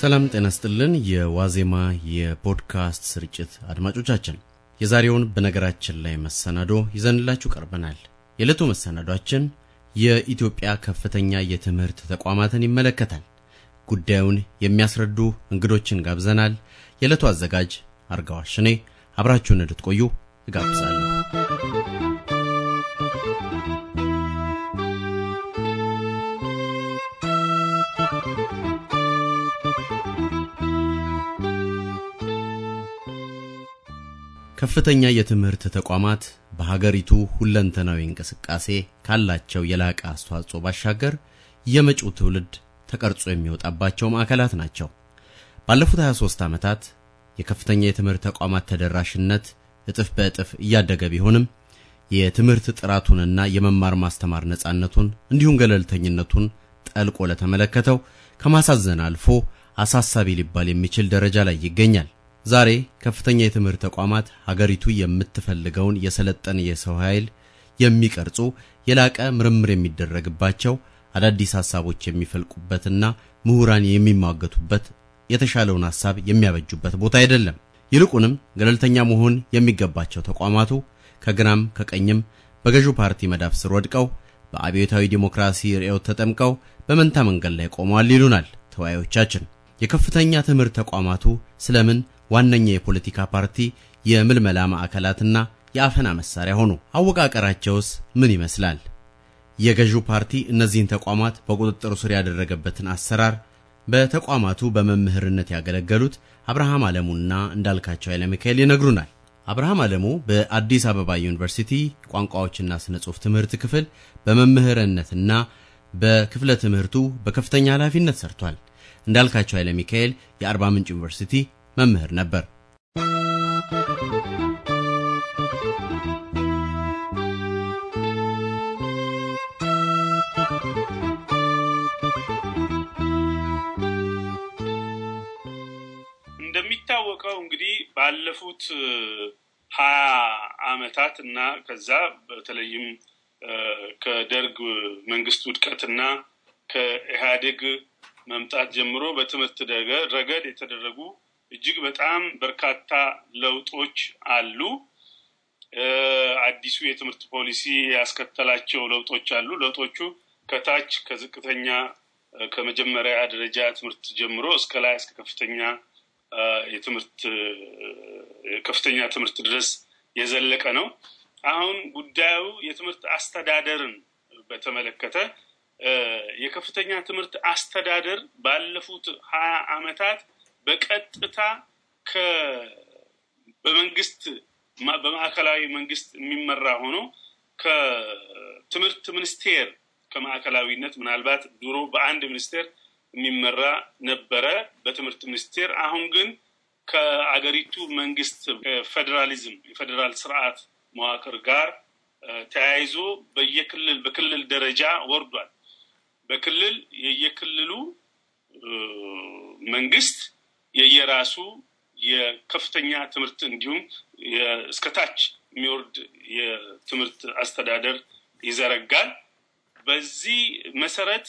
ሰላም ጤና ስጥልን። የዋዜማ የፖድካስት ስርጭት አድማጮቻችን የዛሬውን በነገራችን ላይ መሰናዶ ይዘንላችሁ ቀርበናል። የዕለቱ መሰናዷችን የኢትዮጵያ ከፍተኛ የትምህርት ተቋማትን ይመለከታል። ጉዳዩን የሚያስረዱ እንግዶችን ጋብዘናል። የዕለቱ አዘጋጅ አርጋዋሽኔ፣ አብራችሁን እንድትቆዩ እጋብዛለሁ። ከፍተኛ የትምህርት ተቋማት በሀገሪቱ ሁለንተናዊ እንቅስቃሴ ካላቸው የላቀ አስተዋጽኦ ባሻገር የመጪው ትውልድ ተቀርጾ የሚወጣባቸው ማዕከላት ናቸው። ባለፉት 23 ዓመታት የከፍተኛ የትምህርት ተቋማት ተደራሽነት እጥፍ በእጥፍ እያደገ ቢሆንም የትምህርት ጥራቱንና የመማር ማስተማር ነጻነቱን እንዲሁም ገለልተኝነቱን ጠልቆ ለተመለከተው ከማሳዘን አልፎ አሳሳቢ ሊባል የሚችል ደረጃ ላይ ይገኛል። ዛሬ ከፍተኛ የትምህርት ተቋማት ሀገሪቱ የምትፈልገውን የሰለጠነ የሰው ኃይል የሚቀርጹ የላቀ ምርምር የሚደረግባቸው አዳዲስ ሀሳቦች የሚፈልቁበትና ምሁራን የሚሟገቱበት የተሻለውን ሀሳብ የሚያበጁበት ቦታ አይደለም። ይልቁንም ገለልተኛ መሆን የሚገባቸው ተቋማቱ ከግራም ከቀኝም በገዢው ፓርቲ መዳፍ ስር ወድቀው በአብዮታዊ ዲሞክራሲ ርዕዮት ተጠምቀው በመንታ መንገድ ላይ ቆመዋል ይሉናል ተወያዮቻችን። የከፍተኛ ትምህርት ተቋማቱ ስለምን ዋነኛ የፖለቲካ ፓርቲ የምልመላ ማዕከላትና የአፈና መሳሪያ ሆኑ። አወቃቀራቸውስ ምን ይመስላል? የገዢው ፓርቲ እነዚህን ተቋማት በቁጥጥሩ ስር ያደረገበትን አሰራር በተቋማቱ በመምህርነት ያገለገሉት አብርሃም አለሙና እንዳልካቸው ኃይለ ሚካኤል ይነግሩናል። አብርሃም አለሙ በአዲስ አበባ ዩኒቨርሲቲ ቋንቋዎችና ስነ ጽሁፍ ትምህርት ክፍል በመምህርነትና በክፍለ ትምህርቱ በከፍተኛ ኃላፊነት ሰርቷል። እንዳልካቸው ኃይለ ሚካኤል የአርባ ምንጭ ዩኒቨርሲቲ መምህር ነበር። እንደሚታወቀው እንግዲህ ባለፉት ሀያ አመታት እና ከዛ በተለይም ከደርግ መንግስት ውድቀትና ከኢህአዴግ መምጣት ጀምሮ በትምህርት ረገድ የተደረጉ እጅግ በጣም በርካታ ለውጦች አሉ። አዲሱ የትምህርት ፖሊሲ ያስከተላቸው ለውጦች አሉ። ለውጦቹ ከታች ከዝቅተኛ ከመጀመሪያ ደረጃ ትምህርት ጀምሮ እስከ ላይ እስከ ከፍተኛ የትምህርት ከፍተኛ ትምህርት ድረስ የዘለቀ ነው። አሁን ጉዳዩ የትምህርት አስተዳደርን በተመለከተ የከፍተኛ ትምህርት አስተዳደር ባለፉት ሀያ ዓመታት በቀጥታ በመንግስት በማዕከላዊ መንግስት የሚመራ ሆኖ ከትምህርት ሚኒስቴር ከማዕከላዊነት ምናልባት ድሮ በአንድ ሚኒስቴር የሚመራ ነበረ በትምህርት ሚኒስቴር። አሁን ግን ከአገሪቱ መንግስት ፌዴራሊዝም የፌዴራል ስርዓት መዋቅር ጋር ተያይዞ በየክልል በክልል ደረጃ ወርዷል። በክልል የየክልሉ መንግስት የየራሱ የከፍተኛ ትምህርት እንዲሁም እስከታች የሚወርድ የትምህርት አስተዳደር ይዘረጋል። በዚህ መሰረት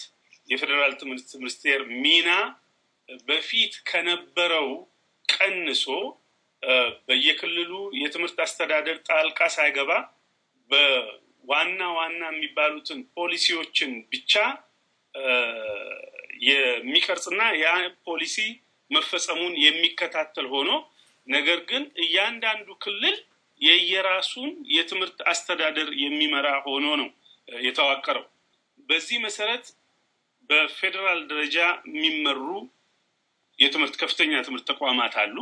የፌዴራል ትምህርት ሚኒስቴር ሚና በፊት ከነበረው ቀንሶ በየክልሉ የትምህርት አስተዳደር ጣልቃ ሳይገባ በዋና ዋና የሚባሉትን ፖሊሲዎችን ብቻ የሚቀርጽና ያ ፖሊሲ መፈጸሙን የሚከታተል ሆኖ ነገር ግን እያንዳንዱ ክልል የየራሱን የትምህርት አስተዳደር የሚመራ ሆኖ ነው የተዋቀረው። በዚህ መሰረት በፌዴራል ደረጃ የሚመሩ የትምህርት ከፍተኛ ትምህርት ተቋማት አሉ።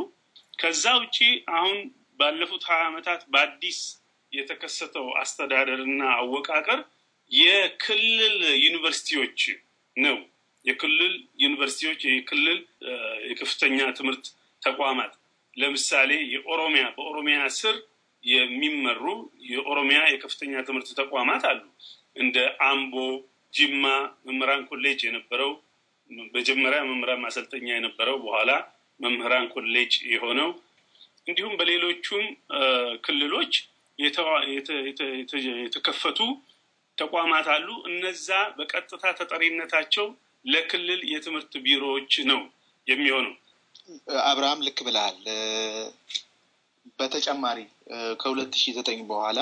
ከዛ ውጪ አሁን ባለፉት ሀያ ዓመታት በአዲስ የተከሰተው አስተዳደርና አወቃቀር የክልል ዩኒቨርሲቲዎች ነው የክልል ዩኒቨርሲቲዎች፣ የክልል የከፍተኛ ትምህርት ተቋማት ለምሳሌ የኦሮሚያ በኦሮሚያ ስር የሚመሩ የኦሮሚያ የከፍተኛ ትምህርት ተቋማት አሉ። እንደ አምቦ፣ ጅማ መምህራን ኮሌጅ የነበረው መጀመሪያ መምህራን ማሰልጠኛ የነበረው በኋላ መምህራን ኮሌጅ የሆነው እንዲሁም በሌሎቹም ክልሎች የተከፈቱ ተቋማት አሉ። እነዛ በቀጥታ ተጠሪነታቸው ለክልል የትምህርት ቢሮዎች ነው የሚሆነው። አብርሃም ልክ ብለሃል። በተጨማሪ ከሁለት ሺህ ዘጠኝ በኋላ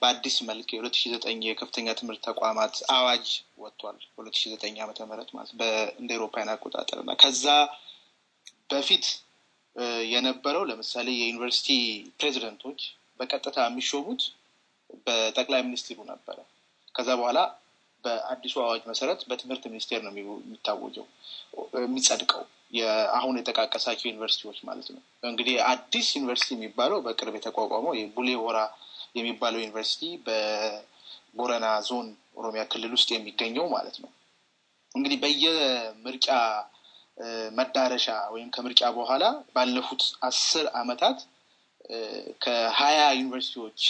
በአዲስ መልክ የሁለት ሺህ ዘጠኝ የከፍተኛ ትምህርት ተቋማት አዋጅ ወጥቷል። ሁለት ሺህ ዘጠኝ ዓመተ ምህረት ማለት እንደ ኤሮፓያን አቆጣጠር እና ከዛ በፊት የነበረው ለምሳሌ የዩኒቨርሲቲ ፕሬዚደንቶች በቀጥታ የሚሾሙት በጠቅላይ ሚኒስትሩ ነበረ። ከዛ በኋላ በአዲሱ አዋጅ መሰረት በትምህርት ሚኒስቴር ነው የሚታወጀው የሚጸድቀው አሁን የጠቃቀሳቸው ዩኒቨርሲቲዎች ማለት ነው። እንግዲህ አዲስ ዩኒቨርሲቲ የሚባለው በቅርብ የተቋቋመው የቡሌ ወራ የሚባለው ዩኒቨርሲቲ በቦረና ዞን ኦሮሚያ ክልል ውስጥ የሚገኘው ማለት ነው። እንግዲህ በየምርጫ መዳረሻ ወይም ከምርጫ በኋላ ባለፉት አስር አመታት ከሀያ ዩኒቨርሲቲዎች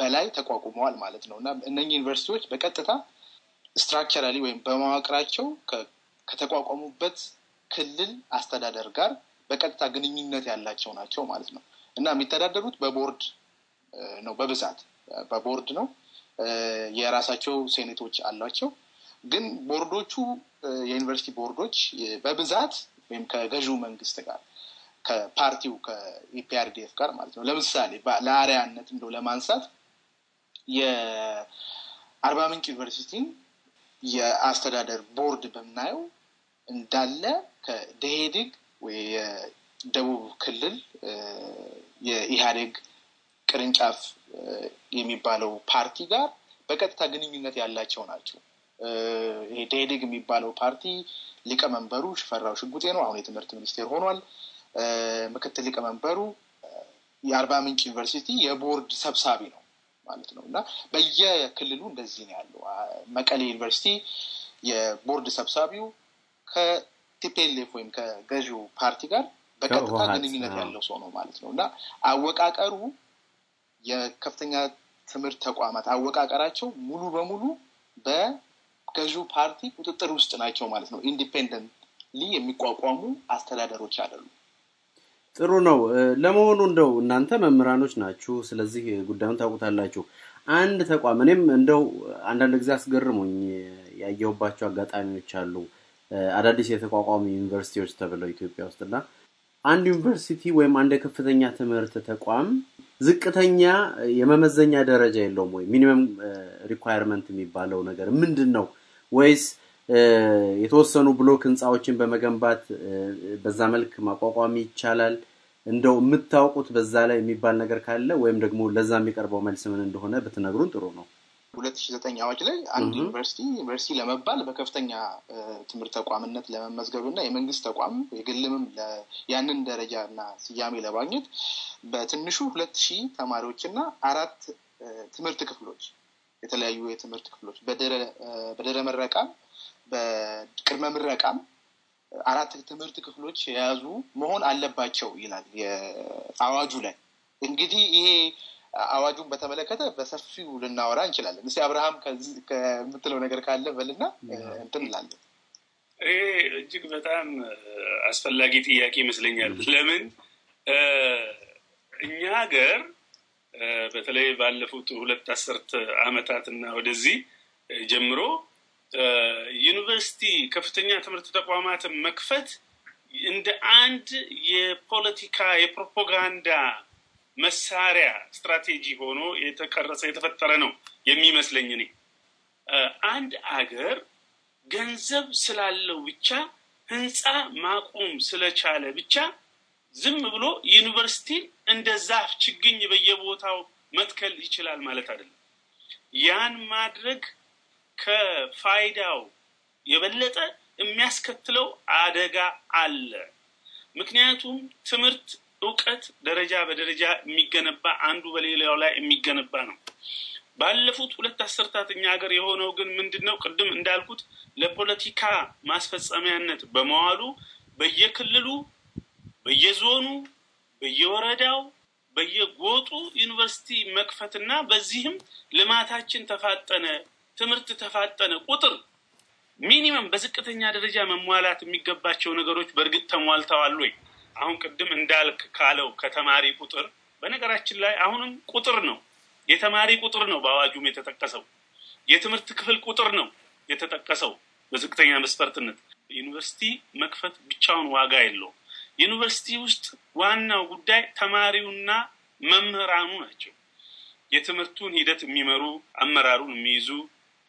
በላይ ተቋቁመዋል ማለት ነው እና እነኚህ ዩኒቨርሲቲዎች በቀጥታ ስትራክቸራሊ ወይም በመዋቅራቸው ከተቋቋሙበት ክልል አስተዳደር ጋር በቀጥታ ግንኙነት ያላቸው ናቸው ማለት ነው እና የሚተዳደሩት በቦርድ ነው በብዛት በቦርድ ነው። የራሳቸው ሴኔቶች አሏቸው። ግን ቦርዶቹ የዩኒቨርሲቲ ቦርዶች በብዛት ወይም ከገዢው መንግስት ጋር ከፓርቲው ከኢፒአርዲኤፍ ጋር ማለት ነው። ለምሳሌ ለአርያነት እንደው ለማንሳት የአርባ ምንጭ ዩኒቨርሲቲ የአስተዳደር ቦርድ በምናየው እንዳለ ከደሄድግ ወይ የደቡብ ክልል የኢህአዴግ ቅርንጫፍ የሚባለው ፓርቲ ጋር በቀጥታ ግንኙነት ያላቸው ናቸው። ይሄ ደሄድግ የሚባለው ፓርቲ ሊቀመንበሩ ሽፈራው ሽጉጤ ነው። አሁን የትምህርት ሚኒስቴር ሆኗል። ምክትል ሊቀመንበሩ የአርባ ምንጭ ዩኒቨርሲቲ የቦርድ ሰብሳቢ ነው። ማለት ነው እና በየክልሉ እንደዚህ ነው ያለው። መቀሌ ዩኒቨርሲቲ የቦርድ ሰብሳቢው ከቲፔሌፍ ወይም ከገዢው ፓርቲ ጋር በቀጥታ ግንኙነት ያለው ሰው ነው ማለት ነው እና አወቃቀሩ የከፍተኛ ትምህርት ተቋማት አወቃቀራቸው ሙሉ በሙሉ በገዢው ፓርቲ ቁጥጥር ውስጥ ናቸው ማለት ነው። ኢንዲፔንደንትሊ የሚቋቋሙ አስተዳደሮች አይደሉም። ጥሩ ነው። ለመሆኑ እንደው እናንተ መምህራኖች ናችሁ፣ ስለዚህ ጉዳዩን ታውቁታላችሁ። አንድ ተቋም እኔም እንደው አንዳንድ ጊዜ አስገርሞኝ ያየሁባቸው አጋጣሚዎች አሉ። አዳዲስ የተቋቋሙ ዩኒቨርሲቲዎች ተብለው ኢትዮጵያ ውስጥና አንድ ዩኒቨርሲቲ ወይም አንድ የከፍተኛ ትምህርት ተቋም ዝቅተኛ የመመዘኛ ደረጃ የለውም ወይ? ሚኒመም ሪኳየርመንት የሚባለው ነገር ምንድን ነው? ወይስ የተወሰኑ ብሎክ ህንፃዎችን በመገንባት በዛ መልክ ማቋቋም ይቻላል። እንደው የምታውቁት በዛ ላይ የሚባል ነገር ካለ ወይም ደግሞ ለዛ የሚቀርበው መልስ ምን እንደሆነ ብትነግሩን ጥሩ ነው። ሁለት ሺ ዘጠኝ አዋጅ ላይ አንድ ዩኒቨርሲቲ ዩኒቨርሲቲ ለመባል በከፍተኛ ትምህርት ተቋምነት ለመመዝገብ እና የመንግስት ተቋም የግልምም ያንን ደረጃ እና ስያሜ ለማግኘት በትንሹ ሁለት ሺህ ተማሪዎች እና አራት ትምህርት ክፍሎች የተለያዩ የትምህርት ክፍሎች በደረ መረቃም በቅድመ ምረቃም አራት ትምህርት ክፍሎች የያዙ መሆን አለባቸው ይላል አዋጁ ላይ። እንግዲህ ይሄ አዋጁን በተመለከተ በሰፊው ልናወራ እንችላለን። እስኪ አብርሃም ከምትለው ነገር ካለ በልና እንትን እላለን። ይሄ እጅግ በጣም አስፈላጊ ጥያቄ ይመስለኛል። ለምን እኛ ሀገር በተለይ ባለፉት ሁለት አስርት ዓመታት እና ወደዚህ ጀምሮ ዩኒቨርሲቲ ከፍተኛ ትምህርት ተቋማትን መክፈት እንደ አንድ የፖለቲካ የፕሮፓጋንዳ መሳሪያ ስትራቴጂ ሆኖ የተቀረጸ የተፈጠረ ነው የሚመስለኝ። እኔ አንድ አገር ገንዘብ ስላለው ብቻ ህንፃ ማቆም ስለቻለ ብቻ ዝም ብሎ ዩኒቨርሲቲ እንደ ዛፍ ችግኝ በየቦታው መትከል ይችላል ማለት አይደለም። ያን ማድረግ ከፋይዳው የበለጠ የሚያስከትለው አደጋ አለ። ምክንያቱም ትምህርት፣ እውቀት ደረጃ በደረጃ የሚገነባ አንዱ በሌላው ላይ የሚገነባ ነው። ባለፉት ሁለት አስርታት እኛ ሀገር የሆነው ግን ምንድን ነው? ቅድም እንዳልኩት ለፖለቲካ ማስፈጸሚያነት በመዋሉ በየክልሉ፣ በየዞኑ፣ በየወረዳው፣ በየጎጡ ዩኒቨርሲቲ መክፈትና በዚህም ልማታችን ተፋጠነ ትምህርት ተፋጠነ ቁጥር ሚኒመም በዝቅተኛ ደረጃ መሟላት የሚገባቸው ነገሮች በእርግጥ ተሟልተዋል ወይ? አሁን ቅድም እንዳልክ ካለው ከተማሪ ቁጥር በነገራችን ላይ አሁንም ቁጥር ነው፣ የተማሪ ቁጥር ነው በአዋጁም የተጠቀሰው፣ የትምህርት ክፍል ቁጥር ነው የተጠቀሰው በዝቅተኛ መስፈርትነት። ዩኒቨርሲቲ መክፈት ብቻውን ዋጋ የለውም። ዩኒቨርሲቲ ውስጥ ዋናው ጉዳይ ተማሪውና መምህራኑ ናቸው። የትምህርቱን ሂደት የሚመሩ አመራሩን የሚይዙ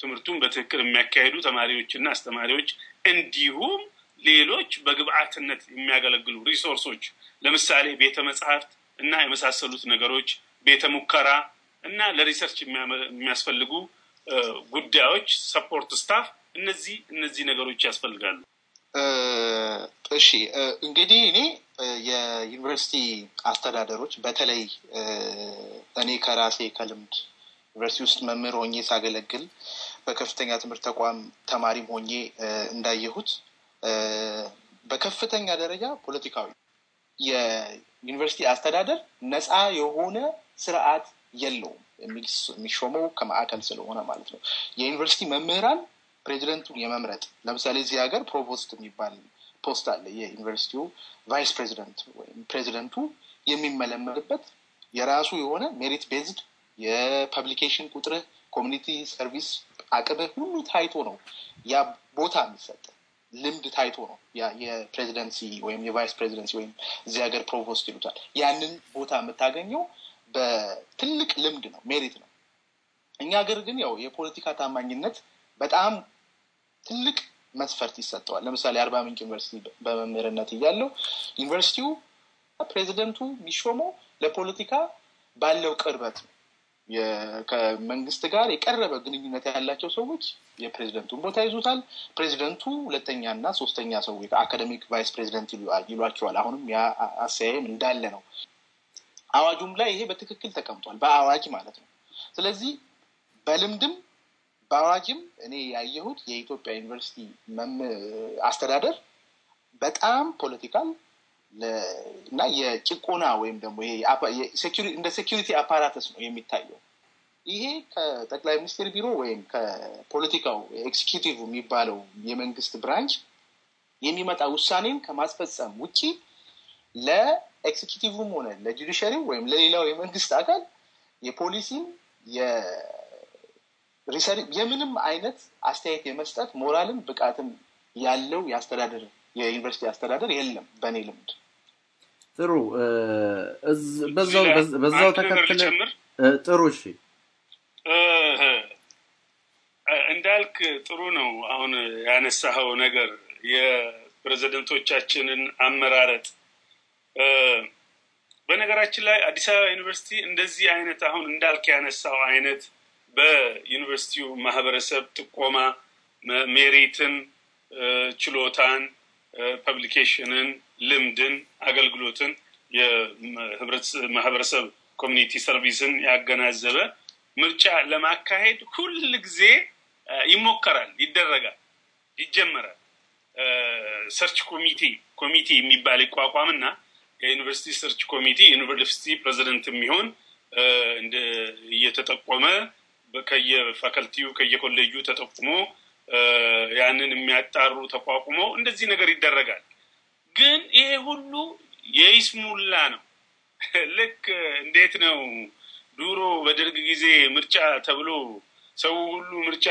ትምህርቱን በትክክል የሚያካሄዱ ተማሪዎችና አስተማሪዎች እንዲሁም ሌሎች በግብዓትነት የሚያገለግሉ ሪሶርሶች ለምሳሌ ቤተ መጽሐፍት እና የመሳሰሉት ነገሮች፣ ቤተ ሙከራ እና ለሪሰርች የሚያስፈልጉ ጉዳዮች፣ ሰፖርት ስታፍ፣ እነዚህ እነዚህ ነገሮች ያስፈልጋሉ። እሺ እንግዲህ እኔ የዩኒቨርሲቲ አስተዳደሮች በተለይ እኔ ከራሴ ከልምድ ዩኒቨርሲቲ ውስጥ መምህር ሆኜ ሳገለግል በከፍተኛ ትምህርት ተቋም ተማሪም ሆኜ እንዳየሁት በከፍተኛ ደረጃ ፖለቲካዊ የዩኒቨርሲቲ አስተዳደር ነፃ የሆነ ስርዓት የለውም። የሚሾመው ከማዕከል ስለሆነ ማለት ነው። የዩኒቨርሲቲ መምህራን ፕሬዚደንቱን የመምረጥ ለምሳሌ እዚህ ሀገር ፕሮቮስት የሚባል ፖስት አለ። የዩኒቨርሲቲው ቫይስ ፕሬዚደንት ወይም ፕሬዚደንቱ የሚመለመልበት የራሱ የሆነ ሜሪት ቤዝድ የፐብሊኬሽን ቁጥርህ፣ ኮሚኒቲ ሰርቪስ አቅምህ ሁሉ ታይቶ ነው ያ ቦታ የሚሰጥ ልምድ ታይቶ ነው የፕሬዚደንሲ ወይም የቫይስ ፕሬዚደንሲ ወይም እዚህ ሀገር ፕሮቮስት ይሉታል። ያንን ቦታ የምታገኘው በትልቅ ልምድ ነው፣ ሜሪት ነው። እኛ ሀገር ግን ያው የፖለቲካ ታማኝነት በጣም ትልቅ መስፈርት ይሰጠዋል። ለምሳሌ አርባ ምንጭ ዩኒቨርሲቲ በመምህርነት እያለው ዩኒቨርሲቲው ፕሬዚደንቱ የሚሾመው ለፖለቲካ ባለው ቅርበት ነው። ከመንግስት ጋር የቀረበ ግንኙነት ያላቸው ሰዎች የፕሬዚደንቱን ቦታ ይዙታል። ፕሬዚደንቱ እና ሶስተኛ ሰው አካደሚክ ቫይስ ፕሬዚደንት ይሏቸዋል። አሁንም ያ አሰያየም እንዳለ ነው። አዋጁም ላይ ይሄ በትክክል ተቀምጧል፣ በአዋጅ ማለት ነው። ስለዚህ በልምድም በአዋጅም እኔ ያየሁት የኢትዮጵያ ዩኒቨርሲቲ አስተዳደር በጣም ፖለቲካል እና የጭቆና ወይም ደግሞ ይሄ እንደ ሴኪሪቲ አፓራተስ ነው የሚታየው። ይሄ ከጠቅላይ ሚኒስትር ቢሮ ወይም ከፖለቲካው ኤክስኪዩቲቭ የሚባለው የመንግስት ብራንች የሚመጣ ውሳኔን ከማስፈጸም ውጪ ለኤክስኪዩቲቭም ሆነ ለጁዲሽሪ ወይም ለሌላው የመንግስት አካል የፖሊሲን የምንም አይነት አስተያየት የመስጠት ሞራልም ብቃትም ያለው የአስተዳደር የዩኒቨርሲቲ አስተዳደር የለም በእኔ ልምድ። ጥሩ በዛው ተከትለ ጥሩ እሺ እንዳልክ ጥሩ ነው። አሁን ያነሳኸው ነገር የፕሬዝደንቶቻችንን አመራረጥ በነገራችን ላይ አዲስ አበባ ዩኒቨርሲቲ እንደዚህ አይነት አሁን እንዳልክ ያነሳው አይነት በዩኒቨርሲቲው ማህበረሰብ ጥቆማ ሜሪትን፣ ችሎታን ፐብሊኬሽንን፣ ልምድን፣ አገልግሎትን የማህበረሰብ ኮሚኒቲ ሰርቪስን ያገናዘበ ምርጫ ለማካሄድ ሁል ጊዜ ይሞከራል፣ ይደረጋል፣ ይጀመራል። ሰርች ኮሚቴ ኮሚቴ የሚባል ይቋቋምና የዩኒቨርሲቲ ሰርች ኮሚቴ ዩኒቨርሲቲ ፕሬዚደንት የሚሆን እየተጠቆመ ከየፋከልቲው ከየኮሌጁ ተጠቁሞ ያንን የሚያጣሩ ተቋቁመው እንደዚህ ነገር ይደረጋል። ግን ይሄ ሁሉ የይስሙላ ነው። ልክ እንዴት ነው ድሮ በደርግ ጊዜ ምርጫ ተብሎ ሰው ሁሉ ምርጫ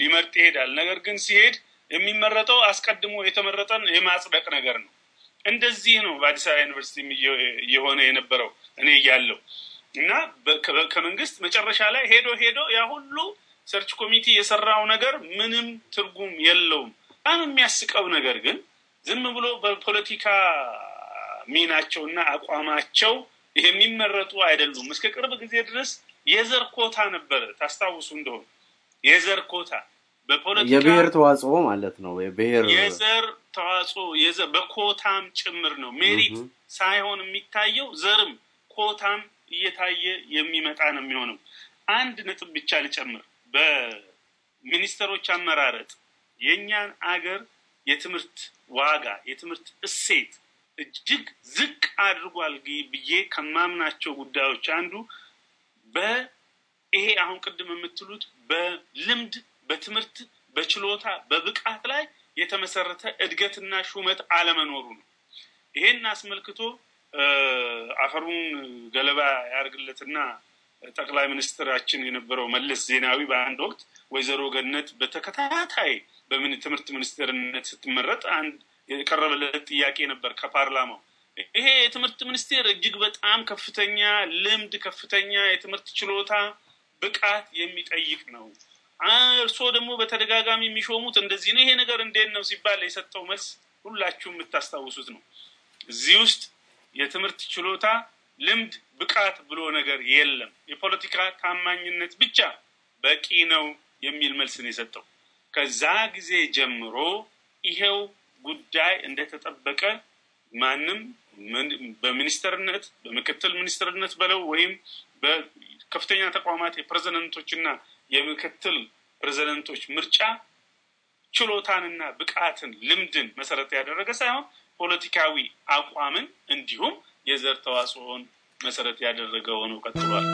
ሊመርጥ ይሄዳል። ነገር ግን ሲሄድ የሚመረጠው አስቀድሞ የተመረጠን የማጽደቅ ነገር ነው። እንደዚህ ነው በአዲስ አበባ ዩኒቨርሲቲ የሆነ የነበረው እኔ እያለሁ እና ከመንግስት መጨረሻ ላይ ሄዶ ሄዶ ያ ሁሉ ሰርች ኮሚቴ የሰራው ነገር ምንም ትርጉም የለውም። በጣም የሚያስቀው ነገር ግን ዝም ብሎ በፖለቲካ ሚናቸውና አቋማቸው የሚመረጡ አይደሉም። እስከ ቅርብ ጊዜ ድረስ የዘር ኮታ ነበረ። ታስታውሱ እንደሆነ የዘር ኮታ በፖለቲካ የብሔር ተዋጽኦ ማለት ነው። የብሔር የዘር ተዋጽኦ በኮታም ጭምር ነው። ሜሪት ሳይሆን የሚታየው ዘርም ኮታም እየታየ የሚመጣ ነው የሚሆነው። አንድ ነጥብ ብቻ ልጨምር። በሚኒስተሮች አመራረጥ የእኛን አገር የትምህርት ዋጋ የትምህርት እሴት እጅግ ዝቅ አድርጓል ብዬ ከማምናቸው ጉዳዮች አንዱ በይሄ አሁን ቅድም የምትሉት በልምድ በትምህርት በችሎታ በብቃት ላይ የተመሰረተ እድገትና ሹመት አለመኖሩ ነው። ይሄን አስመልክቶ አፈሩን ገለባ ያደርግለትና ጠቅላይ ሚኒስትራችን የነበረው መለስ ዜናዊ በአንድ ወቅት ወይዘሮ ገነት በተከታታይ በምን ትምህርት ሚኒስቴርነት ስትመረጥ አንድ የቀረበለት ጥያቄ ነበር ከፓርላማው። ይሄ የትምህርት ሚኒስቴር እጅግ በጣም ከፍተኛ ልምድ፣ ከፍተኛ የትምህርት ችሎታ፣ ብቃት የሚጠይቅ ነው። እርስዎ ደግሞ በተደጋጋሚ የሚሾሙት እንደዚህ ነው። ይሄ ነገር እንዴት ነው ሲባል የሰጠው መልስ ሁላችሁም የምታስታውሱት ነው። እዚህ ውስጥ የትምህርት ችሎታ ልምድ ብቃት ብሎ ነገር የለም። የፖለቲካ ታማኝነት ብቻ በቂ ነው የሚል መልስ የሰጠው። ከዛ ጊዜ ጀምሮ ይሄው ጉዳይ እንደተጠበቀ ማንም በሚኒስትርነት በምክትል ሚኒስትርነት በለው ወይም በከፍተኛ ተቋማት የፕሬዝደንቶችና የምክትል ፕሬዝደንቶች ምርጫ ችሎታንና ብቃትን፣ ልምድን መሰረት ያደረገ ሳይሆን ፖለቲካዊ አቋምን እንዲሁም የዘር ተዋጽኦን መሰረት ያደረገ ሆኖ ቀጥሏል።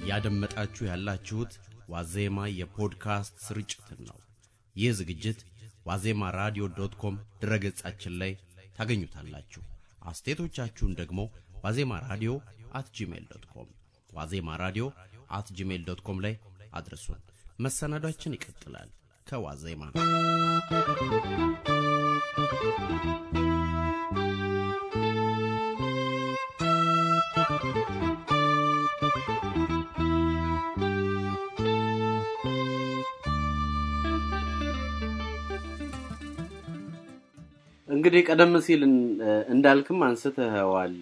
እያደመጣችሁ ያላችሁት ዋዜማ የፖድካስት ስርጭትን ነው። ይህ ዝግጅት ዋዜማ ራዲዮ ዶት ኮም ድረገጻችን ላይ ታገኙታላችሁ። አስተያየቶቻችሁን ደግሞ ዋዜማ ራዲዮ አት ጂሜል ዶት ኮም፣ ዋዜማ ራዲዮ አት ጂሜል ዶት ኮም ላይ አድርሱን። መሰናዷችን ይቀጥላል። ከዋዜማ እንግዲህ ቀደም ሲል እንዳልክም አንስተኸዋል።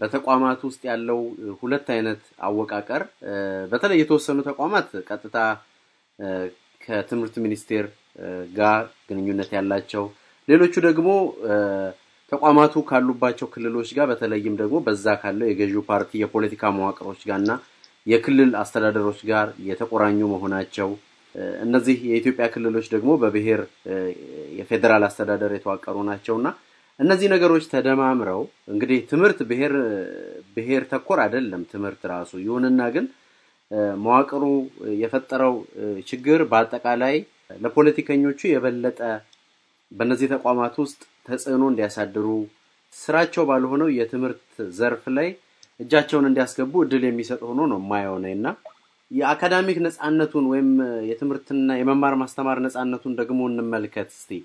በተቋማት ውስጥ ያለው ሁለት አይነት አወቃቀር በተለይ የተወሰኑ ተቋማት ቀጥታ ከትምህርት ሚኒስቴር ጋር ግንኙነት ያላቸው፣ ሌሎቹ ደግሞ ተቋማቱ ካሉባቸው ክልሎች ጋር በተለይም ደግሞ በዛ ካለው የገዢው ፓርቲ የፖለቲካ መዋቅሮች ጋር እና የክልል አስተዳደሮች ጋር የተቆራኙ መሆናቸው እነዚህ የኢትዮጵያ ክልሎች ደግሞ በብሔር የፌዴራል አስተዳደር የተዋቀሩ እና እነዚህ ነገሮች ተደማምረው እንግዲህ ትምህርት ብሔር ብሔር ተኮር አይደለም። ትምህርት ራሱ ይሁንና ግን መዋቅሩ የፈጠረው ችግር በአጠቃላይ ለፖለቲከኞቹ የበለጠ በእነዚህ ተቋማት ውስጥ ተጽዕኖ እንዲያሳድሩ ስራቸው ባልሆነው የትምህርት ዘርፍ ላይ እጃቸውን እንዲያስገቡ እድል የሚሰጥ ሆኖ ነው የማየው እና የአካዳሚክ ነፃነቱን ወይም የትምህርትና የመማር ማስተማር ነፃነቱን ደግሞ እንመልከት እስቲ።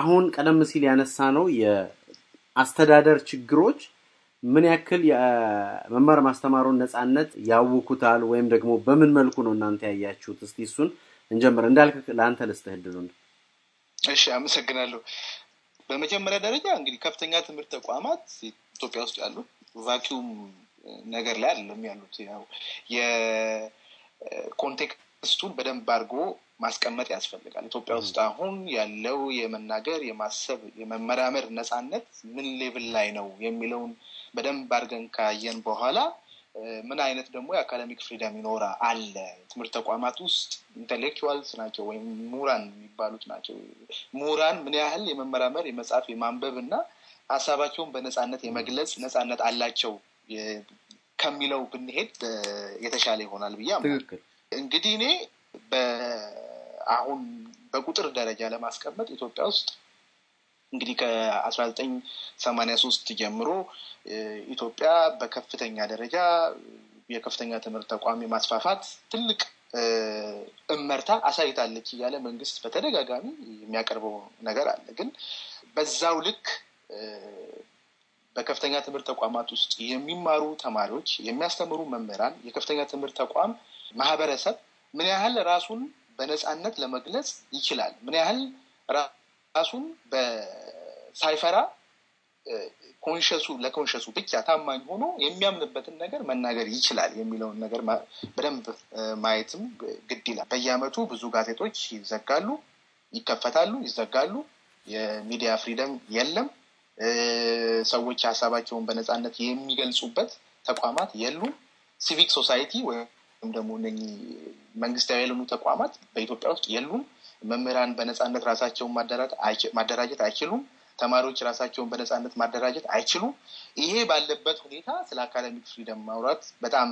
አሁን ቀደም ሲል ያነሳ ነው የአስተዳደር ችግሮች ምን ያክል የመማር ማስተማሩን ነፃነት ያውኩታል ወይም ደግሞ በምን መልኩ ነው እናንተ ያያችሁት? እስቲ እሱን እንጀምር። እንዳልክ ለአንተ ልስጥህ እሺ፣ አመሰግናለሁ። በመጀመሪያ ደረጃ እንግዲህ ከፍተኛ ትምህርት ተቋማት ኢትዮጵያ ውስጥ ያሉ ቫኪዩም ነገር ላይ አለም ያሉት። ያው የኮንቴክስቱን በደንብ አድርጎ ማስቀመጥ ያስፈልጋል። ኢትዮጵያ ውስጥ አሁን ያለው የመናገር፣ የማሰብ፣ የመመራመር ነፃነት ምን ሌብል ላይ ነው የሚለውን በደንብ አድርገን ካየን በኋላ ምን አይነት ደግሞ የአካደሚክ ፍሪደም ይኖራ አለ ትምህርት ተቋማት ውስጥ ኢንቴሌክቹዋልስ ናቸው ወይም ምሁራን የሚባሉት ናቸው። ምሁራን ምን ያህል የመመራመር የመጻፍ፣ የማንበብ እና ሀሳባቸውን በነፃነት የመግለጽ ነፃነት አላቸው ከሚለው ብንሄድ የተሻለ ይሆናል ብዬ እንግዲህ እኔ አሁን በቁጥር ደረጃ ለማስቀመጥ ኢትዮጵያ ውስጥ እንግዲህ ከአስራ ዘጠኝ ሰማኒያ ሶስት ጀምሮ ኢትዮጵያ በከፍተኛ ደረጃ የከፍተኛ ትምህርት ተቋም የማስፋፋት ትልቅ እመርታ አሳይታለች እያለ መንግስት በተደጋጋሚ የሚያቀርበው ነገር አለ። ግን በዛው ልክ በከፍተኛ ትምህርት ተቋማት ውስጥ የሚማሩ ተማሪዎች፣ የሚያስተምሩ መምህራን፣ የከፍተኛ ትምህርት ተቋም ማህበረሰብ ምን ያህል ራሱን በነፃነት ለመግለጽ ይችላል። ምን ያህል ራሱን ሳይፈራ ኮንሸሱ ለኮንሸሱ ብቻ ታማኝ ሆኖ የሚያምንበትን ነገር መናገር ይችላል የሚለውን ነገር በደንብ ማየትም ግድ ይላል። በየዓመቱ ብዙ ጋዜጦች ይዘጋሉ፣ ይከፈታሉ፣ ይዘጋሉ። የሚዲያ ፍሪደም የለም። ሰዎች ሀሳባቸውን በነፃነት የሚገልጹበት ተቋማት የሉም። ሲቪክ ሶሳይቲ ወይም ወይም ደግሞ እነኚህ መንግስታዊ ያልሆኑ ተቋማት በኢትዮጵያ ውስጥ የሉም። መምህራን በነፃነት ራሳቸውን ማደራጀት አይችሉም። ተማሪዎች ራሳቸውን በነፃነት ማደራጀት አይችሉም። ይሄ ባለበት ሁኔታ ስለ አካዳሚክ ፍሪደም ማውራት በጣም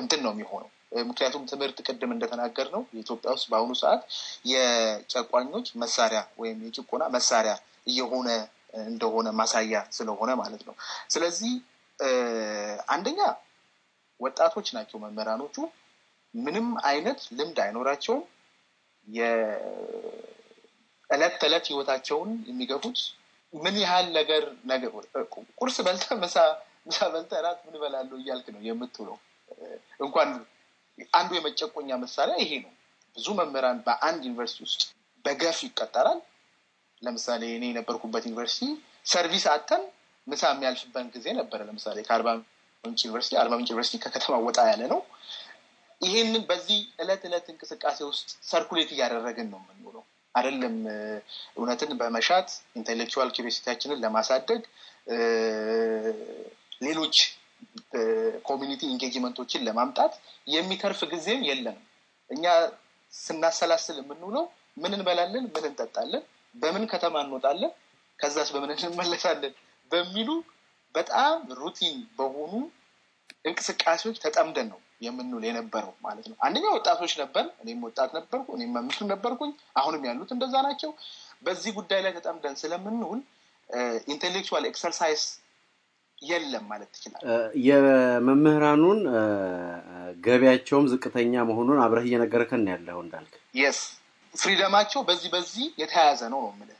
እንትን ነው የሚሆነው። ምክንያቱም ትምህርት ቅድም እንደተናገር ነው ኢትዮጵያ ውስጥ በአሁኑ ሰዓት የጨቋኞች መሳሪያ ወይም የጭቆና መሳሪያ እየሆነ እንደሆነ ማሳያ ስለሆነ ማለት ነው። ስለዚህ አንደኛ ወጣቶች ናቸው መምህራኖቹ። ምንም አይነት ልምድ አይኖራቸውም። የእለት ተዕለት ህይወታቸውን የሚገቡት ምን ያህል ነገር ነገር ቁርስ በልተ ምሳ በልተ ራት ምን እበላለሁ እያልክ ነው የምትውለው። እንኳን አንዱ የመጨቆኛ መሳሪያ ይሄ ነው። ብዙ መምህራን በአንድ ዩኒቨርሲቲ ውስጥ በገፍ ይቀጠራል። ለምሳሌ እኔ የነበርኩበት ዩኒቨርሲቲ ሰርቪስ አተን ምሳ የሚያልፍበን ጊዜ ነበረ። ለምሳሌ ከአርባ ምንጭ ዩኒቨርሲቲ አርባ ምንጭ ዩኒቨርሲቲ ከከተማ ወጣ ያለ ነው። ይህንን በዚህ እለት እለት እንቅስቃሴ ውስጥ ሰርኩሌት እያደረግን ነው የምንውለው አይደለም። እውነትን በመሻት ኢንቴሌክቹዋል ኪሪሲቲያችንን ለማሳደግ ሌሎች ኮሚኒቲ ኢንጌጅመንቶችን ለማምጣት የሚተርፍ ጊዜም የለንም። እኛ ስናሰላስል የምንውለው ምን እንበላለን፣ ምን እንጠጣለን፣ በምን ከተማ እንወጣለን፣ ከዛስ በምን እንመለሳለን በሚሉ በጣም ሩቲን በሆኑ እንቅስቃሴዎች ተጠምደን ነው የምንውል የነበረው ማለት ነው። አንደኛ ወጣቶች ነበር፣ እኔም ወጣት ነበርኩ፣ እኔም መምህር ነበርኩኝ። አሁንም ያሉት እንደዛ ናቸው። በዚህ ጉዳይ ላይ ተጠምደን ስለምንውል ኢንቴሌክቹዋል ኤክሰርሳይዝ የለም ማለት ትችላል። የመምህራኑን ገቢያቸውም ዝቅተኛ መሆኑን አብረህ እየነገረከን ያለው እንዳልክ የስ ፍሪደማቸው በዚህ በዚህ የተያያዘ ነው ነው የምልህ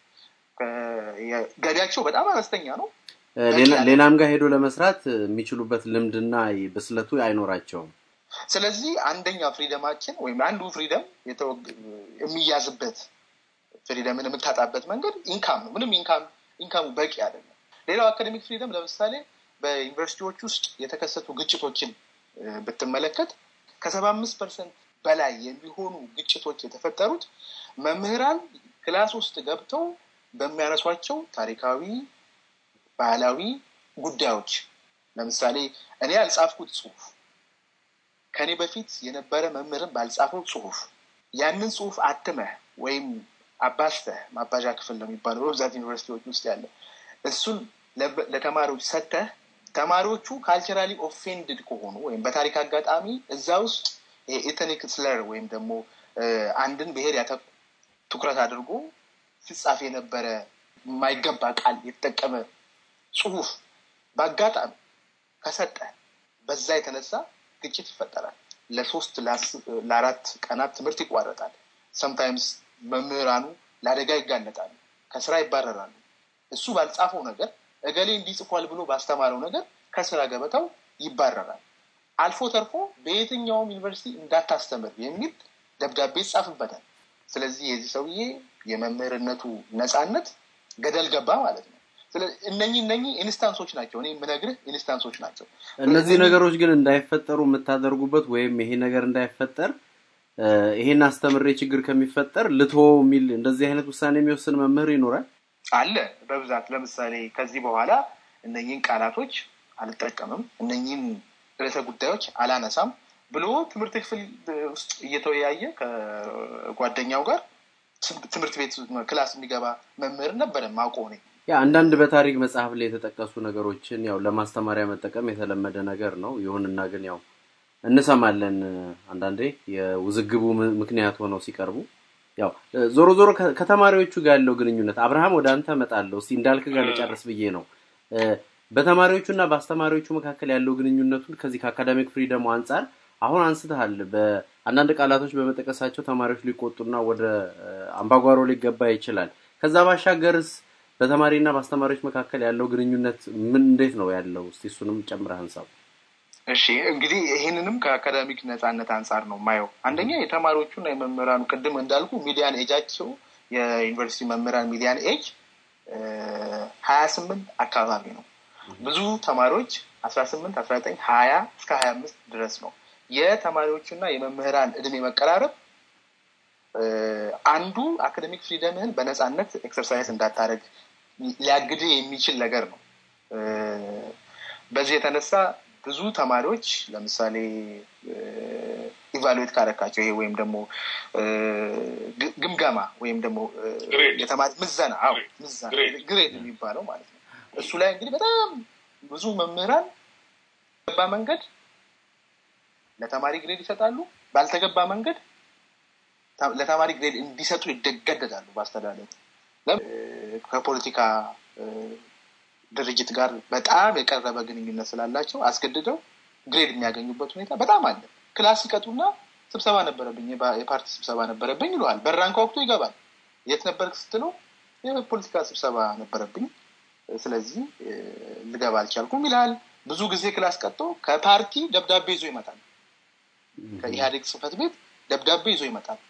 ገቢያቸው በጣም አነስተኛ ነው። ሌላም ጋር ሄዶ ለመስራት የሚችሉበት ልምድና ብስለቱ አይኖራቸውም። ስለዚህ አንደኛ ፍሪደማችን ወይም አንዱ ፍሪደም የሚያዝበት ፍሪደምን የምታጣበት መንገድ ኢንካም ነው። ምንም ኢንካም ኢንካሙ በቂ አይደለም። ሌላው አካደሚክ ፍሪደም ለምሳሌ በዩኒቨርሲቲዎች ውስጥ የተከሰቱ ግጭቶችን ብትመለከት ከሰባ አምስት ፐርሰንት በላይ የሚሆኑ ግጭቶች የተፈጠሩት መምህራን ክላስ ውስጥ ገብተው በሚያነሷቸው ታሪካዊ ባህላዊ ጉዳዮች ለምሳሌ እኔ ያልጻፍኩት ጽሁፍ ከኔ በፊት የነበረ መምህርን ባልጻፈው ጽሁፍ ያንን ጽሁፍ አትመህ ወይም አባስተህ ማባዣ ክፍል ነው የሚባለው በብዛት ዩኒቨርሲቲዎች ውስጥ ያለ እሱን ለተማሪዎች ሰተህ ተማሪዎቹ ካልቸራሊ ኦፌንድድ ከሆኑ ወይም በታሪክ አጋጣሚ እዛ ውስጥ የኢትኒክ ስለር ወይም ደግሞ አንድን ብሄር ያተ ትኩረት አድርጎ ሲጻፍ የነበረ የማይገባ ቃል የተጠቀመ ጽሁፍ በአጋጣሚ ከሰጠ በዛ የተነሳ ግጭት ይፈጠራል። ለሶስት ለአራት ቀናት ትምህርት ይቋረጣል። ሰምታይምስ መምህራኑ ለአደጋ ይጋለጣሉ፣ ከስራ ይባረራሉ። እሱ ባልጻፈው ነገር እገሌ እንዲጽፏል ብሎ ባስተማረው ነገር ከስራ ገበታው ይባረራል። አልፎ ተርፎ በየትኛውም ዩኒቨርሲቲ እንዳታስተምር የሚል ደብዳቤ ይጻፍበታል። ስለዚህ የዚህ ሰውዬ የመምህርነቱ ነፃነት ገደል ገባ ማለት ነው። እነኚህ እነኚህ ኢንስታንሶች ናቸው። እኔ የምነግርህ ኢንስታንሶች ናቸው። እነዚህ ነገሮች ግን እንዳይፈጠሩ የምታደርጉበት ወይም ይሄ ነገር እንዳይፈጠር ይሄን አስተምሬ ችግር ከሚፈጠር ልቶ የሚል እንደዚህ አይነት ውሳኔ የሚወስን መምህር ይኖራል አለ በብዛት ለምሳሌ ከዚህ በኋላ እነኚህን ቃላቶች አልጠቀምም፣ እነኚህን ርዕሰ ጉዳዮች አላነሳም ብሎ ትምህርት ክፍል ውስጥ እየተወያየ ከጓደኛው ጋር ትምህርት ቤት ክላስ የሚገባ መምህር ነበረ ማቆኔ ያ አንዳንድ በታሪክ መጽሐፍ ላይ የተጠቀሱ ነገሮችን ያው ለማስተማሪያ መጠቀም የተለመደ ነገር ነው። ይሁንና ግን ያው እንሰማለን አንዳንዴ የውዝግቡ ምክንያት ሆነው ሲቀርቡ ያው ዞሮ ዞሮ ከተማሪዎቹ ጋር ያለው ግንኙነት አብርሃም ወደ አንተ መጣለው እስቲ እንዳልክ ጋር ለጨርስ ብዬ ነው። በተማሪዎቹና በአስተማሪዎቹ መካከል ያለው ግንኙነቱን ከዚህ ከአካዳሚክ ፍሪደሙ አንጻር አሁን አንስተሃል። በአንዳንድ ቃላቶች በመጠቀሳቸው ተማሪዎች ሊቆጡና ወደ አምባጓሮ ሊገባ ይችላል። ከዛ ባሻገርስ በተማሪና በአስተማሪዎች መካከል ያለው ግንኙነት ምን እንዴት ነው ያለው? እስቲ እሱንም ጨምረህ አንሳው። እሺ እንግዲህ ይህንንም ከአካዳሚክ ነፃነት አንጻር ነው ማየው። አንደኛ የተማሪዎቹና የመምህራኑ ቅድም እንዳልኩ ሚዲያን ኤጃቸው የዩኒቨርሲቲ መምህራን ሚዲያን ኤጅ ሀያ ስምንት አካባቢ ነው። ብዙ ተማሪዎች አስራ ስምንት አስራ ዘጠኝ ሀያ እስከ ሀያ አምስት ድረስ ነው። የተማሪዎቹና የመምህራን እድሜ መቀራረብ አንዱ አካደሚክ ፍሪደምህን በነፃነት ኤክሰርሳይዝ እንዳታደረግ ሊያግድ የሚችል ነገር ነው። በዚህ የተነሳ ብዙ ተማሪዎች ለምሳሌ ኢቫሉዌት ካረካቸው ይሄ ወይም ደግሞ ግምገማ ወይም ደግሞ የተማሪ ምዘና አዎ ምዘና ግሬድ የሚባለው ማለት ነው። እሱ ላይ እንግዲህ በጣም ብዙ መምህራን ገባ መንገድ ለተማሪ ግሬድ ይሰጣሉ፣ ባልተገባ መንገድ ለተማሪ ግሬድ እንዲሰጡ ይደገደዳሉ በአስተዳደሩ ከፖለቲካ ድርጅት ጋር በጣም የቀረበ ግንኙነት ስላላቸው አስገድደው ግሬድ የሚያገኙበት ሁኔታ በጣም አለ። ክላስ ይቀጡና ስብሰባ ነበረብኝ፣ የፓርቲ ስብሰባ ነበረብኝ ይለዋል። በራንካ ወቅቱ ይገባል። የት ነበር ስትለው የፖለቲካ ስብሰባ ነበረብኝ፣ ስለዚህ ልገባ አልቻልኩም ይላል። ብዙ ጊዜ ክላስ ቀጦ ከፓርቲ ደብዳቤ ይዞ ይመጣል። ከኢህአዴግ ጽህፈት ቤት ደብዳቤ ይዞ ይመጣል።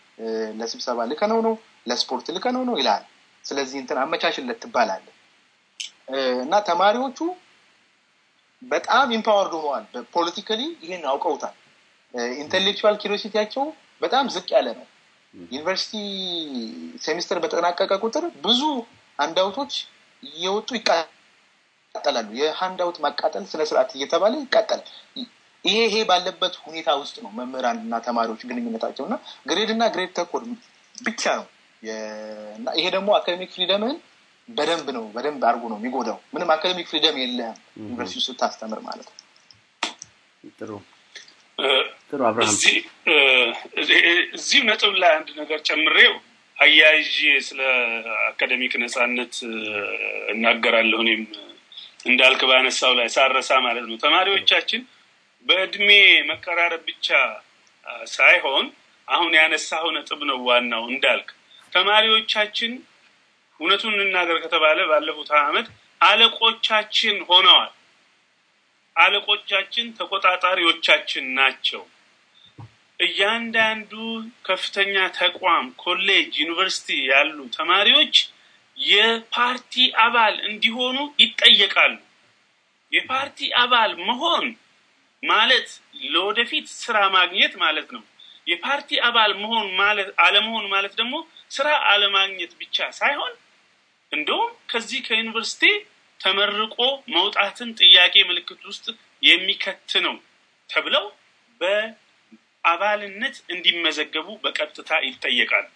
ለስብሰባ ልከነው ነው፣ ለስፖርት ልከነው ነው ይላል። ስለዚህ እንትን አመቻችለት ትባላለ እና ተማሪዎቹ በጣም ኢምፓወርድ ሆነዋል። ፖለቲካሊ ይህን አውቀውታል። ኢንቴሌክቹዋል ኪሪሲቲያቸው በጣም ዝቅ ያለ ነው። ዩኒቨርሲቲ ሴሚስተር በተጠናቀቀ ቁጥር ብዙ አንዳውቶች እየወጡ ይቃጠላሉ። የሃንዳውት ማቃጠል ስነ ስርዓት እየተባለ ይቃጠል። ይሄ ይሄ ባለበት ሁኔታ ውስጥ ነው መምህራን እና ተማሪዎች ግንኙነታቸው እና ግሬድ እና ግሬድ ተኮር ብቻ ነው እና ይሄ ደግሞ አካደሚክ ፍሪደምን በደንብ ነው በደንብ አርጎ ነው የሚጎዳው። ምንም አካደሚክ ፍሪደም የለም ዩኒቨርሲቲ ስታስተምር ማለት ነው።እዚህ ነጥብ ላይ አንድ ነገር ጨምሬው አያይዤ ስለ አካደሚክ ነጻነት እናገራለሁ። እኔም እንዳልክ ባነሳው ላይ ሳረሳ ማለት ነው ተማሪዎቻችን በእድሜ መቀራረብ ብቻ ሳይሆን አሁን ያነሳው ነጥብ ነው ዋናው እንዳልክ ተማሪዎቻችን እውነቱን እንናገር ከተባለ ባለፉት አመት አለቆቻችን ሆነዋል። አለቆቻችን ተቆጣጣሪዎቻችን ናቸው። እያንዳንዱ ከፍተኛ ተቋም፣ ኮሌጅ፣ ዩኒቨርሲቲ ያሉ ተማሪዎች የፓርቲ አባል እንዲሆኑ ይጠየቃሉ። የፓርቲ አባል መሆን ማለት ለወደፊት ስራ ማግኘት ማለት ነው። የፓርቲ አባል መሆን ማለት አለመሆን ማለት ደግሞ ስራ አለማግኘት ብቻ ሳይሆን እንደውም ከዚህ ከዩኒቨርሲቲ ተመርቆ መውጣትን ጥያቄ ምልክት ውስጥ የሚከት ነው ተብለው በአባልነት እንዲመዘገቡ በቀጥታ ይጠየቃሉ።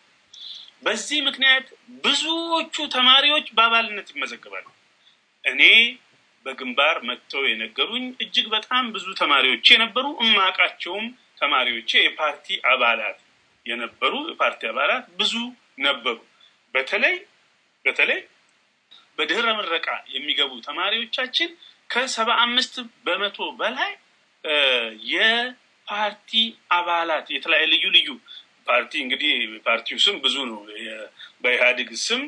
በዚህ ምክንያት ብዙዎቹ ተማሪዎች በአባልነት ይመዘገባሉ። እኔ በግንባር መጥተው የነገሩኝ እጅግ በጣም ብዙ ተማሪዎች የነበሩ እማቃቸውም ተማሪዎቼ የፓርቲ አባላት የነበሩ የፓርቲ አባላት ብዙ ነበሩ። በተለይ በተለይ በድህረ ምረቃ የሚገቡ ተማሪዎቻችን ከሰባ አምስት በመቶ በላይ የፓርቲ አባላት የተለያየ ልዩ ልዩ ፓርቲ እንግዲህ ፓርቲው ስም ብዙ ነው። በኢህአዴግ ስም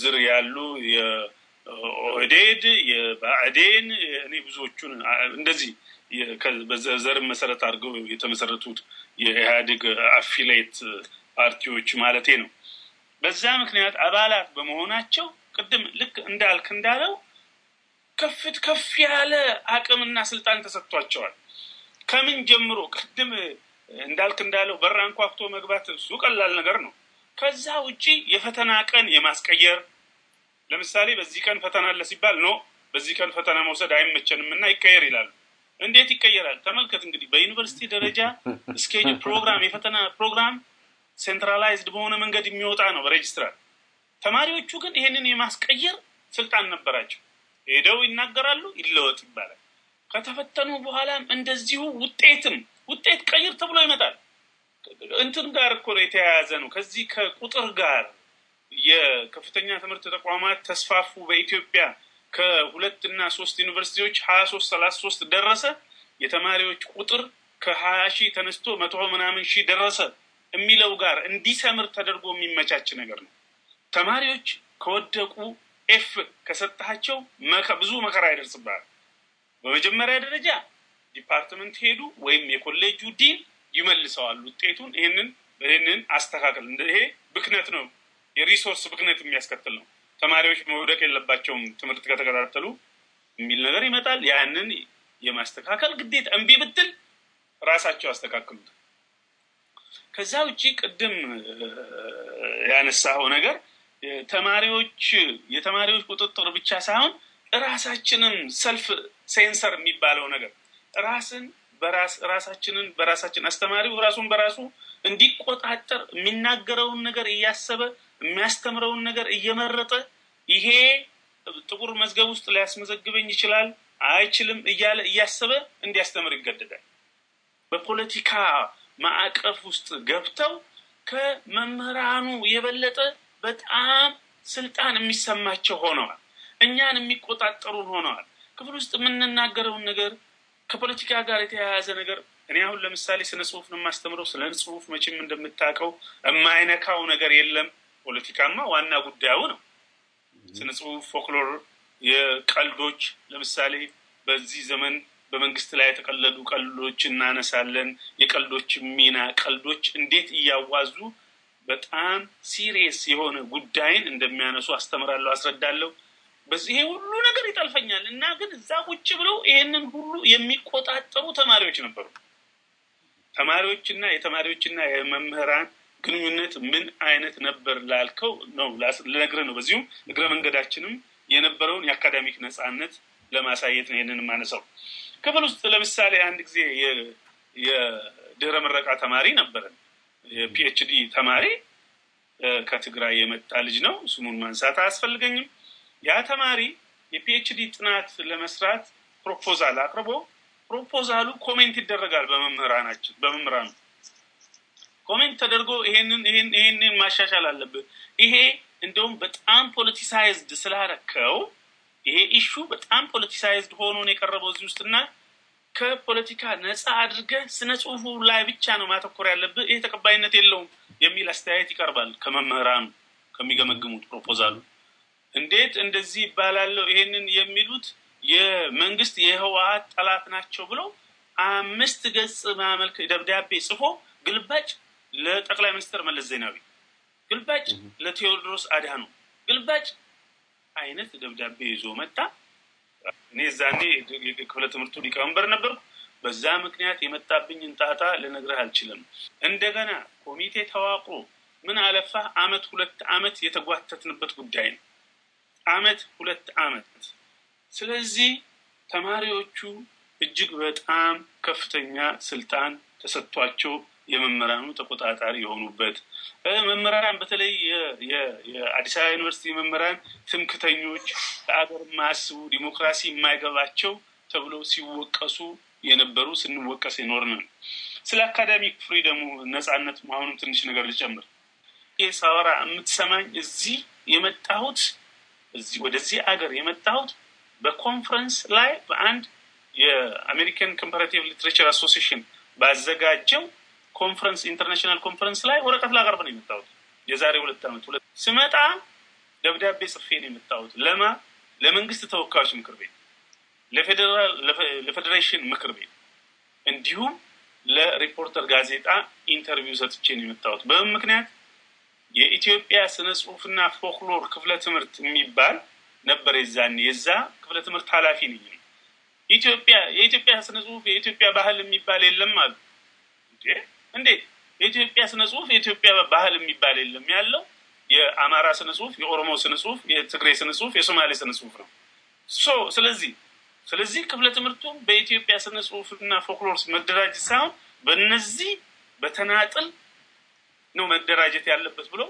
ዝር ያሉ የኦህዴድ፣ የባዕዴን እኔ ብዙዎቹን እንደዚህ በዘር መሰረት አድርገው የተመሰረቱት የኢህአዴግ አፊሌት ፓርቲዎች ማለቴ ነው። በዛ ምክንያት አባላት በመሆናቸው ቅድም ልክ እንዳልክ እንዳለው ከፍት ከፍ ያለ አቅምና ስልጣን ተሰጥቷቸዋል። ከምን ጀምሮ ቅድም እንዳልክ እንዳለው በር አንኳኩቶ መግባት እሱ ቀላል ነገር ነው። ከዛ ውጪ የፈተና ቀን የማስቀየር ለምሳሌ በዚህ ቀን ፈተና አለ ሲባል ኖ በዚህ ቀን ፈተና መውሰድ አይመቸንም እና ይቀየር ይላሉ። እንዴት ይቀየራል? ተመልከት እንግዲህ በዩኒቨርሲቲ ደረጃ እስኬጅ ፕሮግራም የፈተና ፕሮግራም ሴንትራላይዝድ በሆነ መንገድ የሚወጣ ነው በሬጅስትራር። ተማሪዎቹ ግን ይህንን የማስቀየር ስልጣን ነበራቸው። ሄደው ይናገራሉ፣ ይለወጥ ይባላል። ከተፈተኑ በኋላም እንደዚሁ ውጤትም ውጤት ቀይር ተብሎ ይመጣል። እንትን ጋር እኮ የተያያዘ ነው። ከዚህ ከቁጥር ጋር የከፍተኛ ትምህርት ተቋማት ተስፋፉ። በኢትዮጵያ ከሁለት እና ሶስት ዩኒቨርሲቲዎች ሀያ ሶስት ሰላሳ ሶስት ደረሰ። የተማሪዎች ቁጥር ከሀያ ሺህ ተነስቶ መቶ ምናምን ሺህ ደረሰ። የሚለው ጋር እንዲሰምር ተደርጎ የሚመቻች ነገር ነው። ተማሪዎች ከወደቁ ኤፍ ከሰጠሃቸው ብዙ መከራ ይደርስብሃል። በመጀመሪያ ደረጃ ዲፓርትመንት ሄዱ ወይም የኮሌጁ ዲን ይመልሰዋል ውጤቱን። ይህንን ይህንን አስተካከል፣ ይሄ ብክነት ነው፣ የሪሶርስ ብክነት የሚያስከትል ነው። ተማሪዎች መውደቅ የለባቸውም ትምህርት ከተከታተሉ የሚል ነገር ይመጣል። ያንን የማስተካከል ግዴታ እምቢ ብትል ራሳቸው አስተካክሉት። ከዛ ውጭ ቅድም ያነሳኸው ነገር ተማሪዎች የተማሪዎች ቁጥጥር ብቻ ሳይሆን ራሳችንም ሰልፍ ሴንሰር የሚባለው ነገር ራስን ራሳችንን በራሳችን አስተማሪው ራሱን በራሱ እንዲቆጣጠር የሚናገረውን ነገር እያሰበ የሚያስተምረውን ነገር እየመረጠ ይሄ ጥቁር መዝገብ ውስጥ ሊያስመዘግበኝ ይችላል አይችልም እያለ እያሰበ እንዲያስተምር ይገደዳል። በፖለቲካ ማዕቀፍ ውስጥ ገብተው ከመምህራኑ የበለጠ በጣም ስልጣን የሚሰማቸው ሆነዋል። እኛን የሚቆጣጠሩ ሆነዋል። ክፍል ውስጥ የምንናገረውን ነገር ከፖለቲካ ጋር የተያያዘ ነገር እኔ አሁን ለምሳሌ ስነ ጽሁፍ ነው የማስተምረው። ስለ ጽሁፍ መቼም እንደምታውቀው የማይነካው ነገር የለም። ፖለቲካማ ዋና ጉዳዩ ነው። ስነ ጽሁፍ፣ ፎክሎር፣ የቀልዶች ለምሳሌ በዚህ ዘመን በመንግስት ላይ የተቀለዱ ቀልዶች እናነሳለን። የቀልዶች ሚና ቀልዶች እንዴት እያዋዙ በጣም ሲሪየስ የሆነ ጉዳይን እንደሚያነሱ አስተምራለሁ፣ አስረዳለሁ። በዚህ ሁሉ ነገር ይጠልፈኛል እና ግን እዛ ቁጭ ብለው ይሄንን ሁሉ የሚቆጣጠሩ ተማሪዎች ነበሩ። ተማሪዎችና የተማሪዎችና የመምህራን ግንኙነት ምን አይነት ነበር ላልከው ነው ልነግርህ ነው። በዚሁም እግረ መንገዳችንም የነበረውን የአካዳሚክ ነፃነት ለማሳየት ነው ይህንን የማነሳው። ክፍል ውስጥ ለምሳሌ አንድ ጊዜ የድህረ ምረቃ ተማሪ ነበረን። የፒኤችዲ ተማሪ ከትግራይ የመጣ ልጅ ነው። ስሙን ማንሳት አያስፈልገኝም። ያ ተማሪ የፒኤችዲ ጥናት ለመስራት ፕሮፖዛል አቅርቦ ፕሮፖዛሉ ኮሜንት ይደረጋል በመምህራናችን በመምህራኑ ኮሜንት ተደርጎ ይሄንን ይሄንን ማሻሻል አለብህ፣ ይሄ እንደውም በጣም ፖለቲሳይዝድ ስላረከው ይሄ ኢሹ በጣም ፖለቲሳይዝድ ሆኖ ነው የቀረበው እዚህ ውስጥና ከፖለቲካ ነፃ አድርገህ ስነ ጽሁፉ ላይ ብቻ ነው ማተኮር ያለብህ፣ ይሄ ተቀባይነት የለውም የሚል አስተያየት ይቀርባል ከመምህራኑ ከሚገመግሙት ፕሮፖዛሉ። እንዴት እንደዚህ ይባላለው ይሄንን የሚሉት የመንግስት የህወሀት ጠላት ናቸው ብለው አምስት ገጽ ማመልክ ደብዳቤ ጽፎ ግልባጭ ለጠቅላይ ሚኒስትር መለስ ዜናዊ፣ ግልባጭ ለቴዎድሮስ አድሃኖም፣ ግልባጭ አይነት ደብዳቤ ይዞ መጣ። እኔ እዛኔ የክፍለ ትምህርቱ ሊቀመንበር ነበርኩ። በዛ ምክንያት የመጣብኝን ጣጣ ልነግርህ አልችልም። እንደገና ኮሚቴ ተዋቅሮ ምን አለፋህ አመት ሁለት አመት የተጓተትንበት ጉዳይ ነው። አመት ሁለት አመት። ስለዚህ ተማሪዎቹ እጅግ በጣም ከፍተኛ ስልጣን ተሰጥቷቸው የመምህራኑ ተቆጣጣሪ የሆኑበት መምህራን በተለይ የአዲስ አበባ ዩኒቨርሲቲ መምህራን ትምክተኞች፣ ለአገር የማያስቡ ዲሞክራሲ የማይገባቸው ተብለው ሲወቀሱ የነበሩ ስንወቀስ ይኖርናል። ስለ አካዳሚክ ፍሪደሙ ነፃነት መሆኑን ትንሽ ነገር ልጨምር። ይህ ሳወራ የምትሰማኝ እዚህ የመጣሁት እዚህ ወደዚህ አገር የመጣሁት በኮንፈረንስ ላይ በአንድ የአሜሪካን ኮምፐራቲቭ ሊትሬቸር አሶሲሽን ባዘጋጀው ኮንፈረንስ ኢንተርናሽናል ኮንፈረንስ ላይ ወረቀት ላቀርብ ነው የመጣሁት። የዛሬ ሁለት ዓመት ሁለት ስመጣ ደብዳቤ ጽፌ ነው የመጣሁት። ለማ ለመንግስት ተወካዮች ምክር ቤት፣ ለፌዴሬሽን ምክር ቤት እንዲሁም ለሪፖርተር ጋዜጣ ኢንተርቪው ሰጥቼ ነው የመጣሁት። በምን ምክንያት የኢትዮጵያ ስነ ጽሁፍና ፎክሎር ክፍለ ትምህርት የሚባል ነበር። የዛን የዛ ክፍለ ትምህርት ኃላፊ ነኝ። ኢትዮጵያ የኢትዮጵያ ስነ ጽሁፍ የኢትዮጵያ ባህል የሚባል የለም አሉ። እንዴት የኢትዮጵያ ስነ ጽሁፍ የኢትዮጵያ ባህል የሚባል የለም ያለው የአማራ ስነ ጽሁፍ፣ የኦሮሞ ስነ ጽሁፍ፣ የትግሬ ስነ ጽሁፍ፣ የሶማሌ ስነ ጽሁፍ ነው። ሶ ስለዚህ ስለዚህ ክፍለ ትምህርቱ በኢትዮጵያ ስነ ጽሁፍና ፎክሎርስ መደራጀት ሳይሆን በነዚህ በተናጥል ነው መደራጀት ያለበት ብሎ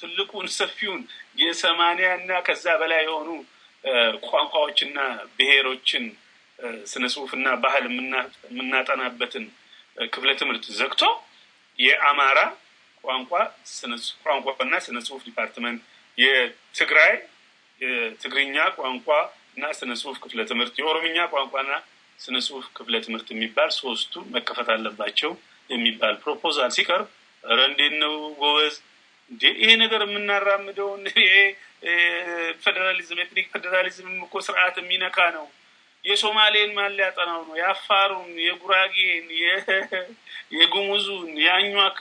ትልቁን ሰፊውን የሰማንያ እና ከዛ በላይ የሆኑ ቋንቋዎችና ብሔሮችን ስነ ጽሁፍና ባህል የምናጠናበትን ክፍለ ትምህርት ዘግቶ የአማራ ቋንቋ ቋንቋና ስነ ጽሁፍ ዲፓርትመንት፣ የትግራይ የትግርኛ ቋንቋ እና ስነ ጽሁፍ ክፍለ ትምህርት፣ የኦሮምኛ ቋንቋና ስነ ጽሁፍ ክፍለ ትምህርት የሚባል ሶስቱ መከፈት አለባቸው የሚባል ፕሮፖዛል ሲቀርብ ኧረ እንዴት ነው ጎበዝ እንዴ ይሄ ነገር የምናራምደውን ፌዴራሊዝም ኤትኒክ ፌዴራሊዝም እኮ ስርዓት የሚነካ ነው የሶማሌን ማን ሊያጠናው ነው? የአፋሩን፣ የጉራጌን፣ የጉሙዙን፣ የአኟክ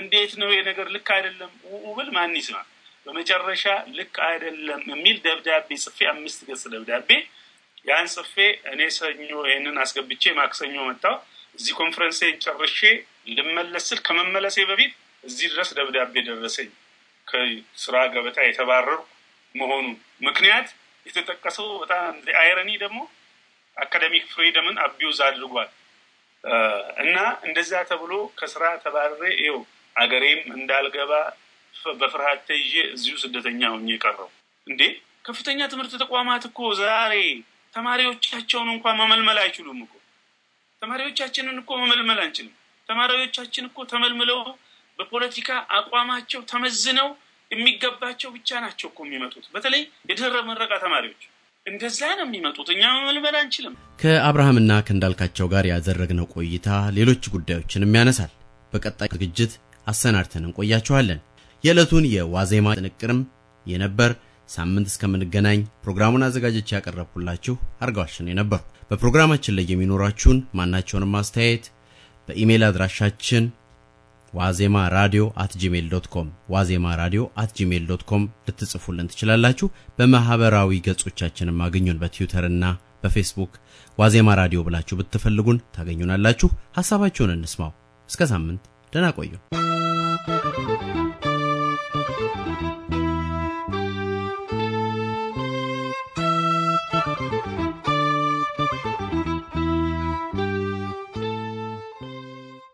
እንዴት ነው ይሄ ነገር ልክ አይደለም ውብል ማን ይስማል? በመጨረሻ ልክ አይደለም የሚል ደብዳቤ ጽፌ አምስት ገጽ ደብዳቤ ያን ጽፌ እኔ ሰኞ ይህንን አስገብቼ ማክሰኞ መጣሁ። እዚህ ኮንፈረንስ ጨርሼ ልመለስ ስል ከመመለሴ በፊት እዚህ ድረስ ደብዳቤ ደረሰኝ ከስራ ገበታ የተባረሩ መሆኑን ምክንያት የተጠቀሰው በጣም አይረኒ ደግሞ አካዳሚክ ፍሪደምን አቢውዝ አድርጓል እና እንደዛ ተብሎ ከስራ ተባረሬ ው አገሬም እንዳልገባ በፍርሃት ተይዤ እዚሁ ስደተኛ ሆኜ ቀረው። እንዴ ከፍተኛ ትምህርት ተቋማት እኮ ዛሬ ተማሪዎቻቸውን እንኳ መመልመል አይችሉም እኮ። ተማሪዎቻችንን እኮ መመልመል አንችልም። ተማሪዎቻችን እኮ ተመልምለው በፖለቲካ አቋማቸው ተመዝነው የሚገባቸው ብቻ ናቸው እኮ የሚመጡት። በተለይ የድህረ ምረቃ ተማሪዎች እንደዛ ነው የሚመጡት። እኛ መመልመል አንችልም። ከአብርሃምና ከእንዳልካቸው ጋር ያደረግነው ቆይታ ሌሎች ጉዳዮችንም ያነሳል። በቀጣይ ዝግጅት አሰናድተን እንቆያችኋለን። የዕለቱን የዋዜማ ጥንቅርም የነበር ሳምንት እስከምንገናኝ ፕሮግራሙን አዘጋጀች ያቀረብኩላችሁ አርጋዋሽን የነበርኩ። በፕሮግራማችን ላይ የሚኖራችሁን ማናቸውንም አስተያየት በኢሜይል አድራሻችን ዋዜማ ራዲዮ አት ጂሜል ዶት ኮም ዋዜማ ራዲዮ አት ጂሜል ዶት ኮም ልትጽፉልን ትችላላችሁ። በማህበራዊ ገጾቻችንም አገኙን። በትዊተርና በፌስቡክ ዋዜማ ራዲዮ ብላችሁ ብትፈልጉን ታገኙናላችሁ። ሐሳባችሁን እንስማው። እስከ ሳምንት ደህና ቆዩ።